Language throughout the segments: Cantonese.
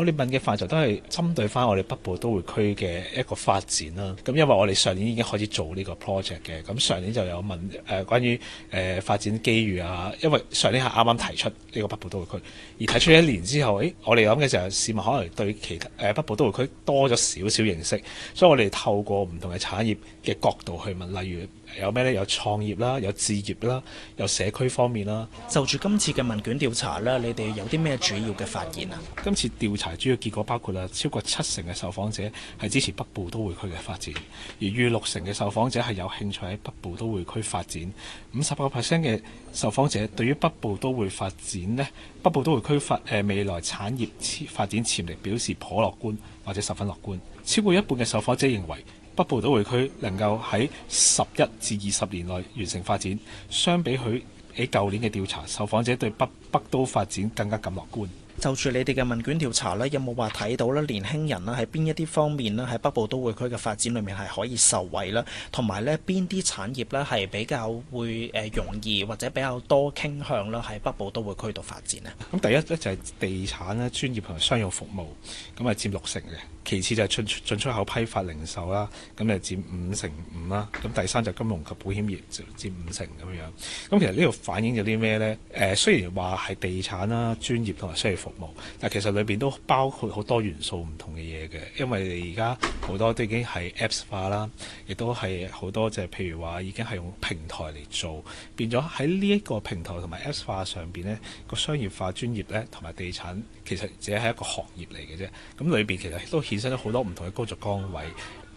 我哋問嘅範疇都係針對翻我哋北部都會區嘅一個發展啦。咁因為我哋上年已經開始做呢個 project 嘅，咁上年就有問誒關於誒發展機遇啊。因為上年係啱啱提出呢個北部都會區，而提出一年之後，誒我哋諗嘅時候，市民可能對其他誒北部都會區多咗少少認識，所以我哋透過唔同嘅產業嘅角度去問，例如有咩呢？有創業啦，有置業啦，有社區方面啦。就住今次嘅問卷調查啦，你哋有啲咩主要嘅發現啊？今次調查。主要結果包括啦，超過七成嘅受訪者係支持北部都會區嘅發展，而逾六成嘅受訪者係有興趣喺北部都會區發展。五十八個 percent 嘅受訪者對於北部都會發展咧，北部都會區未來產業發展潛力表示頗樂觀或者十分樂觀。超過一半嘅受訪者認為北部都會區能夠喺十一至二十年內完成發展。相比佢喺舊年嘅調查，受訪者對北北都發展更加感樂觀。就住你哋嘅問卷調查呢，有冇話睇到呢，年輕人呢喺邊一啲方面呢，喺北部都會區嘅發展裏面係可以受惠啦。同埋呢邊啲產業呢，係比較會誒容易或者比較多傾向啦喺北部都會區度發展呢，咁第一呢就係地產專業同埋商用服務咁啊佔六成嘅。其次就係進進出口、批發零售啦，咁就佔五成五啦。咁第三就金融及保險業就佔五成咁樣，咁其實呢度反映咗啲咩咧？誒雖然話係地產啦、專業同埋商業服務，但其實裏邊都包括好多元素唔同嘅嘢嘅。因為而家好多都已經係 Apps 化啦，亦都係好多就係譬如話已經係用平台嚟做，變咗喺呢一個平台同埋 Apps 化上邊咧，個商業化、專業咧同埋地產其實只係一個行業嚟嘅啫。咁裏邊其實都產生咗好多唔同嘅高級崗位，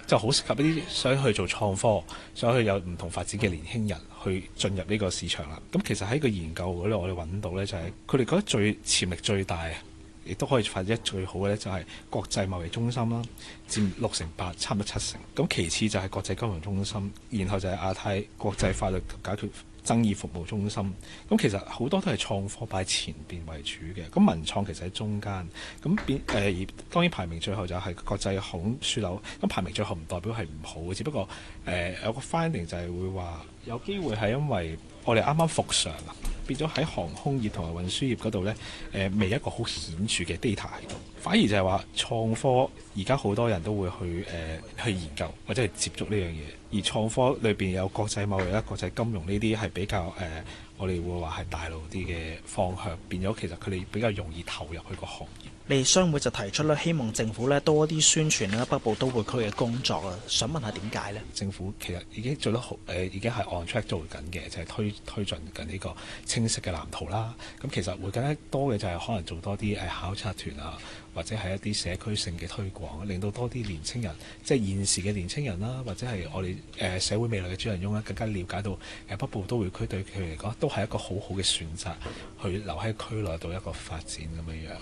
就好適合啲想去做創科、想去有唔同發展嘅年輕人去進入呢個市場啦。咁其實喺個研究嗰度，我哋揾到呢，就係佢哋覺得最潛力最大，亦都可以發展得最好嘅呢，就係國際貿易中心啦，佔六成八，差唔多七成。咁其次就係國際金融中心，然後就係亞太國際法律解決。爭議服務中心，咁其實好多都係創科擺前邊為主嘅，咁文創其實喺中間，咁變誒、呃、當然排名最後就係國際孔樞紐，咁排名最後唔代表係唔好嘅，只不過誒、呃、有個 finding 就係會話有機會係因為我哋啱啱復常啦，變咗喺航空業同埋運輸業嗰度呢，誒、呃、未一個好顯著嘅 data 喺度，反而就係話創科而家好多人都會去誒、呃、去研究或者係接觸呢樣嘢。而創科裏面有國際貿易啦、國際金融呢啲係比較誒、呃我哋會話係大路啲嘅方向，變咗其實佢哋比較容易投入去個行業。你商會就提出啦，希望政府咧多啲宣傳咧北部都會區嘅工作啊。想問下點解呢？政府其實已經做得好，誒已經係 on track 做緊嘅，就係、是、推推進緊呢個清晰嘅藍圖啦。咁其實會更加多嘅就係可能做多啲誒考察團啊，或者係一啲社區性嘅推廣，令到多啲年青人，即係現時嘅年青人啦、啊，或者係我哋誒社會未來嘅主人翁咧、啊，更加了解到誒北部都會區對佢嚟講都係一個好好嘅選擇，去留喺區內度一個發展咁樣樣。